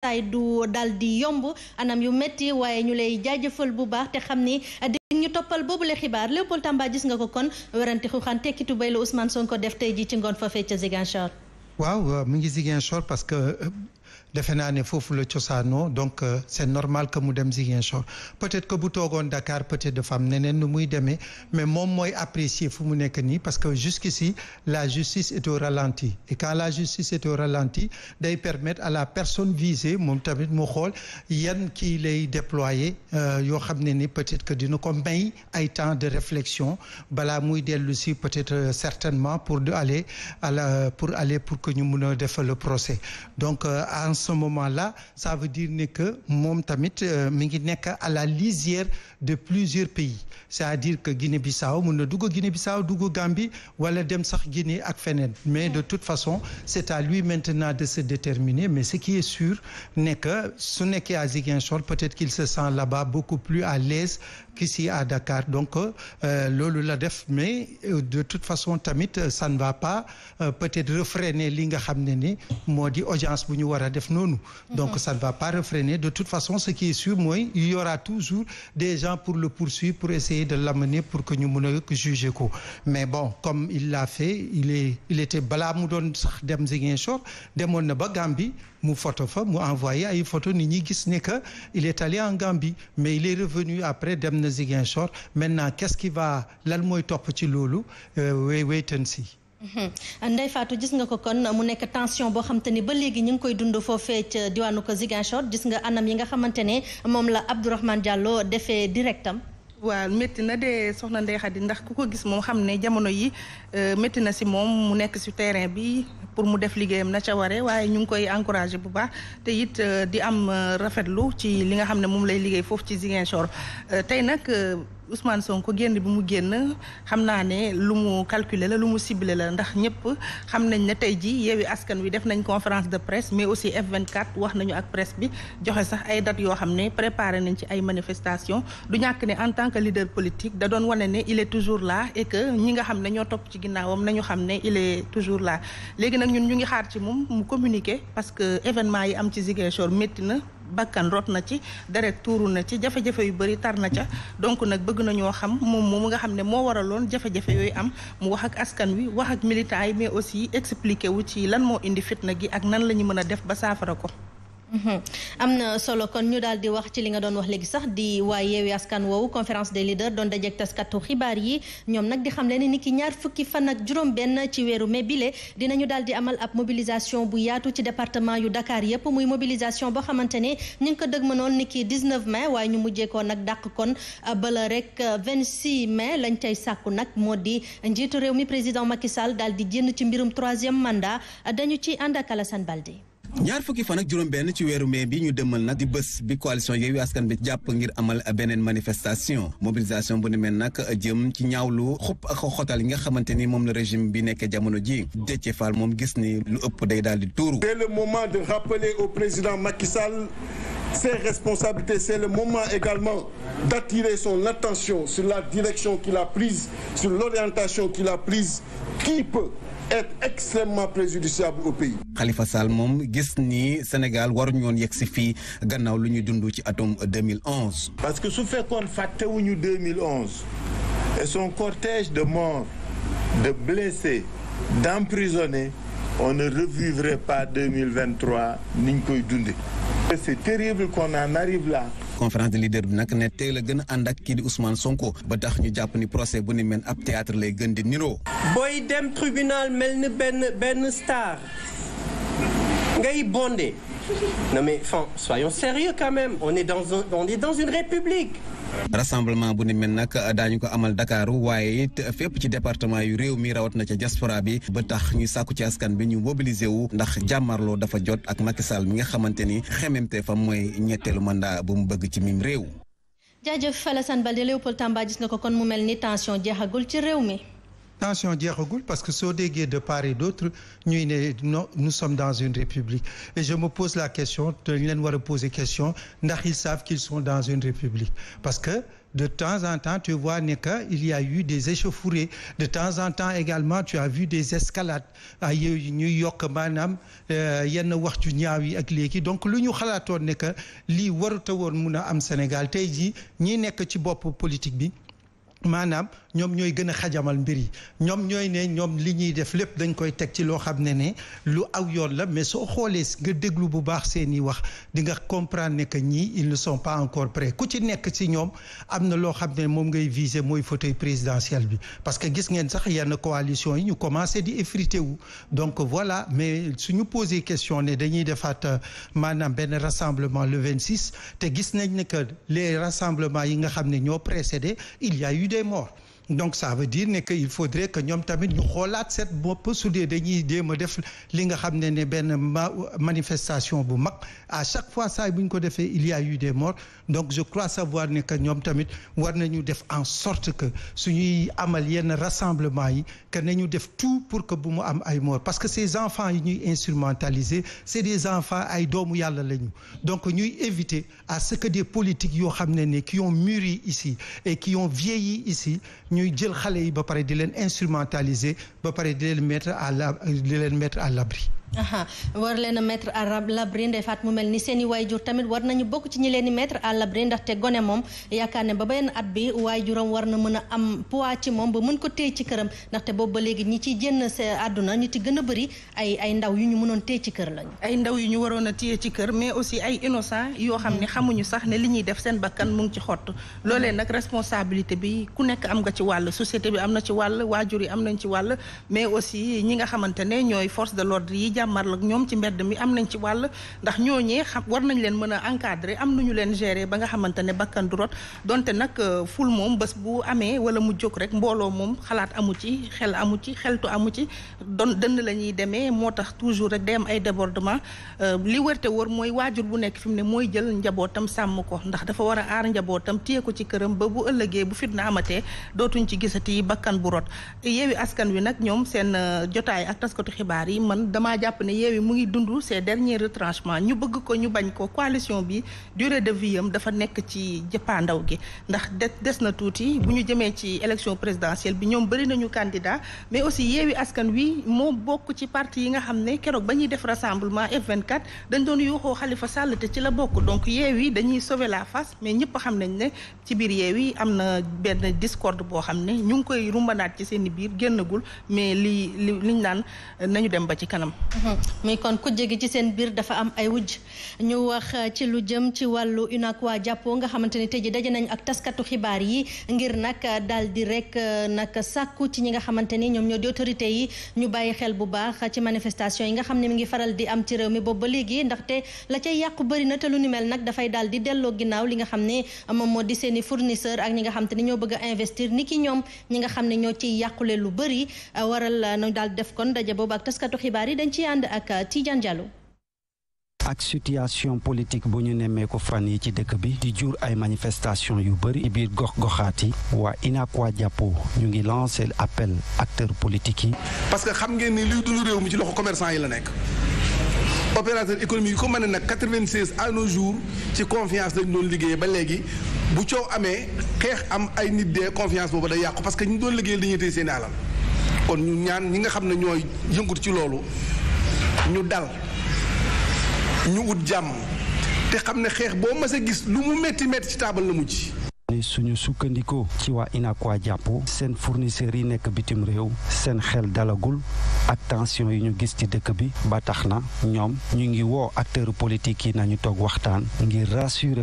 tay du dal di yomb anam yu metti waaye ñu lay jaajëfal bu baax te xam ni ñu toppal boobu la xibaar Léopold Tamba gis nga ko kon werante xuxaan tekki tubéy la Ousmane ko def te ji ci ngoon foofee ca Ziguinchor waaw euh, mi ngi Ziguinchor parce que euh, defe naa ne foofu la cosaanoo donc euh, c'est normal que mu dem Ziguinchor peut-être que bu toogoon Dakar peut-être dafa am neneen nu muy demee mais moom mooy apprécier fu mu nekk nii parce que jusqu'ici la justice est au ralenti et quand la justice est ralenti day permettre à la personne visée moom tamit mu xool yan kii lay déployer euh, yoo xam ne nii peut-être que dina ko may ay temps de réflexion balaa muy dellu si peut-être euh, certainement pour aller à la pour aller pour que ñu mun a def le ce moment-là ça veut dire ne que moom tamit euh, mi ngi nekk à la lisière de plusieurs pays c'est-à-dire que Guinée-Bissau mun na dugg Guinée-Bissau dugg Gambie wala dem sax Guinée ak feneen mais de toute façon c'est à lui maintenant de se déterminer mais ce qui est sûr ne que su nekkee à Ziguinchor peut-être qu'il se sent là-bas beaucoup plus à l'aise qu'ici à Dakar donc euh, loolu la def mais euh, de toute façon tamit euh, ça ne va pas peut-être refréner li nga xam ne ni moo di audience bu ñu war a def noonu mhm. donc ça ne va pas refréner de toute façon ce qui est sûr mooy il y aura toujours des gens pour le poursuivre pour essayer de l'amener pour que ñu mën a juger ko mais bon comme il l'a fait il est était balaa mu doon sax dem Ziguinchor demoon na ba gambi mu photo fa mu envoyé ay photo nit ñi gis ne il est allé dem na Ziguinchor maintenant qu'est-ce qui va lan mooy topp ci loolu euh, wait and see Ndeye Fatou gis nga ko kon mu nekk tension boo xamante ni ba léegi ñu ngi koy dund foofee ca diwaanu ko Ziguinchor gis nga anam yi nga xamante ne moom la Abdourahmane Diallo defee directam waaw métti na de soxna Ndeye Khady ndax ku ko gis moom xam ne jamono yi euh, métti na si moom mu nekk si terrain bi pour mu def liggéeyam na ca ware waaye ñu ngi koy encouragé bu baax te it euh, di am euh, rafetlu ci li nga xam ne moom lay liggéey foofu ci Ziguinchor euh, tey nag. Ousmane Sonko génn bi mu génn xam naa ne lu mu calculer la lu mu ciblé la ndax ñëpp xam nañ ne tey ji yeewi askan wi def nañ conférence de presse mais aussi F24 wax nañu ak presse bi joxe sax ay dat yoo xam ne préparé nañ ci ay manifestations du ñàkk ne en tant que leader politique da doon wane ne il est toujours là et que ñi nga xam ne ñoo topp ci ginnaawam nañu xam ne il est toujours la léegi nag ñun ñu ngi xaar ci moom mu communiquer parce que événement yi am ci Ziguinchor métti na bakkan root na ci deret tuuru na ci jafe-jafe yu bëri tar na ca donc nag bëgg nañoo xam moom mu nga xam ne moo waraloon jafe-jafe yooyu am mu wax ak askan wi wax ak militants yi mais aussi expliqué wu ci lan moo indi fitna gi ak nan la ñu mën a def ba saafara ko Mhm. am na solo kon ñu daal di wax ci li nga doon wax léegi sax di waa yeewi askan woowu conférence des leaders doon dajeeg taskatu xibaar yi ñoom nag di xam leen ni ki ñaar fukki fan ak juróom-benn ci weeru mai bile dinañu daal di amal ab mobilisation bu yaatu ci département yu Dakar yëpp muy mobilisation boo xamante ne ñu ngi ko dëg mënoon ni ki 19 mai waaye ñu mujjee ko nag dàq kon euh, bala rek 26 euh, mai lañ tey sàkku nag moo di njiitu réew mi président Macky Sall daal di jënd ci mbirum troisième mandat dañu ci ànd ak Alassane Balde ñaar fukki fan ak juróom-benn ci weeru mai bi ñu demal nag di bés bi coalition Yewwi Askan Wi jàpp ngir amal beneen manifestation mobilisation bu ni mel nag jëm ci ñaawlu xupp ak xotal yi nga xamante ni moom la régime bi nekkee jamono ji Déthié Fall moom gis ni lu ëpp day daal di tuuru. C'est le moment de rappeler au président Macky Sall ses responsabilités c'est le moment également d'attirer son attention sur la direction qu'il a prise sur l'orientation qu'il a prise qui peut est extrêmement préjudiciable au pays. Khalifa Sall moom gis ni Sénégal waruñu woon yegg si fii gannaaw lu ñuy dund ci atum 2011. parce que su fekkoon fàttewuñu 2011 et son cortège de morts de blessés d'emprisonnés on ne revivrait pas 2023 niñ koy dundee. c'est terrible qu'on en arrive là. conférence de leader bi nag ne tey la gën a ànd ak kii di Ousmane Sonko ba tax ñu jàpp ni procès bu ni mel ab théâtre lay gën di niroo. booy dem tribunal mel ni benn benn star ngay bondé non mais enfin soyons sérieux quand même on est dans une république. rassemblement bu ni mel nag euh, daañu ko amal Dakar waaye it fépp ci département yu réew mi rawat na ca diaspora bi ba tax ñu sàkku ci askan bi ñu mobiliser wu ndax jàmmarloo dafa jot ak Macky Sall mi nga xamante ni xememte fa mooy ñetteelu mandat bu mu bëgg ci mim réew. jaajëf Alassane Balde Léopold Tamba nga ko kon mu mel ni tension jeexagul ci réew mi. tension jeexagul parce que soo déggee de par et d'autre ñuy ne non nous sommes dans une république et je me pose la question te ñu leen war a poser question ndax ils savent qu'ils sont dans une république parce que de temps en temps tu vois ne que il y a eu des échauffourées de temps en temps également tu as vu des escalades ay ah, ñuy yokk maanaam euh, yenn wax tu ñaaw yi ak léegi donc lu ñu xalaatoon ne que lii warut a woon mun a am Sénégal tey jii ñi nekk ci bopp politique bi maanaam ñoom ñooy gën a xajamal mbir yi ñoom ñooy ne ñoom li ñuy def lépp dañ koy teg ci loo xam ne ne lu aw yoon la mais soo xoolee nga déglu bu baax seen i wax di nga comprendre ne que ñii ils ne sont pas encore prêts ku ci nekk ci ñoom am na loo xam ne moom ngay viser mooy fauteuil présidentiel bi parce que gis ngeen sax yenn coalition yi ñu commencé di effrité wu donc voilà mais suñu posé question ne dañuy defaat euh, maanaam benn rassemblement le 26 te gis nañ ne que les rassemblements yi nga xam ne ñoo précédé il y des morts donc ça veut dire ne que il faudrait que ñoom tamit ñu xoolaat set bopp su dee dañuy jéem a def li nga xam ne ne benn manifestation bu mag à chaque fois saa bu ñu ko defee il y a eu des morts donc je crois savoir ne que ñoom tamit war ñu def en sorte que suñuy amal yenn rassemblement yi que ñu def tout pour que bu mu am ay morts parce que ces enfants yi ñuy instrumentaliser c'est des enfants ay doomu yàlla la ñu donc ñuy éviter à ce que des politiques yoo xam ne ne qui ont mûri ici et qui ont vieilli ici. ñuy jël xale yi ba pare di leen instrumentaliser ba pare di leen mettre à la di leen mettre à l'abri war leen a mettre à l'abri Ndeye faat mu mel ni seeni i waayjur tamit war nañu bokk ci ñi leen di mettre à l'abri ndaxte gone moom yaakaar ne ba benn at bi waayjuram war na mën a am poids ci moom ba mën ko téye ci këram ndaxte boobu ba léegi ñi ciy génn sa àdduna ñi ci gën a bëri ay ay ndaw yu ñu mënoon téye ci kër lañu. ay ndaw yu ñu waroon a téye ci kër mais aussi ay innocent yoo xam ne xamuñu sax ne li ñuy def seen bakkan mu ngi ci xott loolee mm-hmm. nag responsabilité bi ku nekk am nga ci wàll société bi am na ci wàll waajur yi am nañ ci wàll mais aussi ñi nga xamante ne ñooy force de l'ordre yi jàmmarloog ñoom ci mbedd mi am nañ ci wàll ndax ñooñee xam war nañ leen mën a encadrer am nañu leen gérer ba nga xamante ne bakkan du rot donte nag euh, ful moom bés bu amee wala mu jóg rek mbooloo moom xalaat amu ci xel amu ci xeltu amu ci don dënn la ñuy demee moo tax toujours rek day am ay débordement euh, li wërte wër mooy waajur bu nekk fi mu ne mooy jël njabootam sàmm ko ndax dafa war a aar njabootam téye ko ci këram ba bu ëllëgee bu fitna amatee dootuñ ci gisati bakkan bu rot yeewi askan wi nag ñoom seen euh, jotaay ak taskatu xibaar yi man damaa jàpp ne Yewwi mu ngi dundu ces derniers retranchements ñu bëgg ko ñu bañ ko coalition bi durée de vie dafa nekk ci jëppaandaw gi ndax des des na tuuti bu ñu jëmee ci élection présidentielle bi ñoom bëri nañu candidat mais aussi Yewwi Askan Wi moo bokk ci parti yi nga xam ne keroog ba ñuy def rassemblement F24 dañ doon yuuxoo xalifa Sall te ci la bokk donc Yewwi dañuy sauver la fas mais ñëpp xam nañ ne ci biir Yewwi am na benn discorde boo xam ne ñu ngi koy rumbanaat ci seen biir génnagul mais li li liñ naan nañu dem ba ci kanam muy kon kujje gi ci seen biir dafa am ay wujj ñu wax uh, ci lu jëm ci wàllu waa jàppoo nga xamante ni tey ji daje nañ ak taskatu xibaar yi ngir nag uh, daal di rek uh, nag sàkku ci ñi nga xamante ni ñoom ñoo di autorité yi ñu bàyyi xel bu baax ci manifestation yi nga xam ne mu ngi faral di am ci réew mi boobu ba léegi ndaxte la cay yàqu bari na te lu ni mel nag dafay daal di delloo ginnaaw li nga xam ne moom moo di seen fournisseur ak ñi nga xam te ni ñoo bëgg a investir ni ki ñoom ñi nga xam ne ñoo ciy yàqule lu bëri waral ñu daal def kon daje yi dañ ci ànd ak euh, Tidiane Diallo. ak situation politique bu ñu nemmee ko fan yi ci dëkk bi di jur ay manifestation yu bëri biir gox-goxaat yi waa Inakwa jàppo ñu ngi lancé appel acteurs politiques yi. parce que xam ngeen ni liy dund réew mi ci loxo commerçant yi la nekk opérateur économique yi ko mën ne nag 96 à nos jours ci confiance lañu doon liggéeyee ba léegi bu coow amee xeex am ay nit dee confiance boobu day yàqu parce que ñu doon liggéeyal dañuy téye seen alal kon ñu ñaan ñi nga xam ne ñooy yëngut ci loolu. ñu dal ñu ut jàmm te xam ne xeex boo mës a gis lu mu métti métti ci taabal la mujj. ne suñu sukkandikoo ci waa Inakwa jàpp seen fournisseurs yi nekk bitim réew seen xel dalagul ak tension yi ñu gis ci dëkk bi ba tax na ñoom ñu ngi woo acteurs politiques yi nañu toog waxtaan ngir rassurer.